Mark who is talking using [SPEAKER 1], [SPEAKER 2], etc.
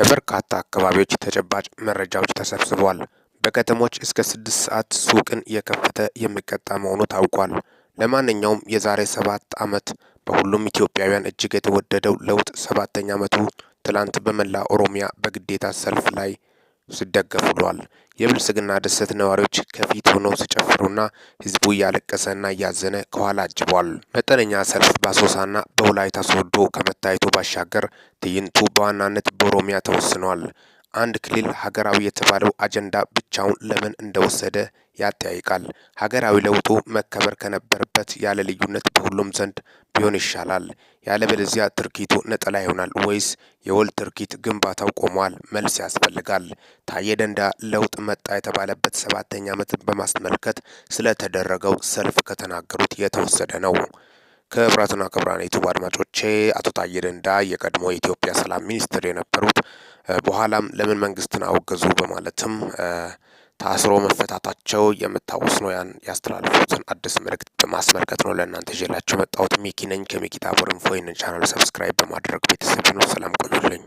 [SPEAKER 1] በበርካታ አካባቢዎች ተጨባጭ መረጃዎች ተሰብስበዋል። በከተሞች እስከ ስድስት ሰዓት ሱቅን እየከፈተ የሚቀጣ መሆኑ ታውቋል። ለማንኛውም የዛሬ ሰባት ዓመት በሁሉም ኢትዮጵያውያን እጅግ የተወደደው ለውጥ ሰባተኛ ዓመቱ ትላንት በመላ ኦሮሚያ በግዴታ ሰልፍ ላይ ሲደገፍ ውሏል። የብልጽግና ደሰት ነዋሪዎች ከፊት ሆነው ሲጨፍሩና ህዝቡ እያለቀሰና እያዘነ ከኋላ አጅቧል። መጠነኛ ሰልፍ በአሶሳና በወላይታ ሶዶ ከመታየቱ ባሻገር ትዕይንቱ በዋናነት በኦሮሚያ ተወስኗል። አንድ ክልል ሀገራዊ የተባለው አጀንዳ ብቻውን ለምን እንደወሰደ ያጠያይቃል። ሀገራዊ ለውጡ መከበር ከነበረበት ያለ ልዩነት በሁሉም ዘንድ ቢሆን ይሻላል። ያለበለዚያ ትርኪቱ ነጠላ ይሆናል ወይስ የወል ትርኪት ግንባታው ቆሟል? መልስ ያስፈልጋል። ታዬ ደንዳ ለውጥ መጣ የተባለበት ሰባተኛ ዓመት በማስመልከት ስለተደረገው ሰልፍ ከተናገሩት የተወሰደ ነው። ክቡራትና ክቡራን ዩቱብ አድማጮቼ አቶ ታዬ ደንዳ የቀድሞ የኢትዮጵያ ሰላም ሚኒስትር የነበሩት በኋላም ለምን መንግስትን አወገዙ በማለትም ታስሮ መፈታታቸው የምታወስ ነው። ያን ያስተላልፉትን አዲስ መልእክት በማስመልከት ነው ለእናንተ ይዤላችሁ መጣሁት። ሚኪ ነኝ ከሚኪታ ታቦር ይህንን ቻናል ሰብስክራይብ በማድረግ ቤተሰብ ነው። ሰላም ቆዩልኝ።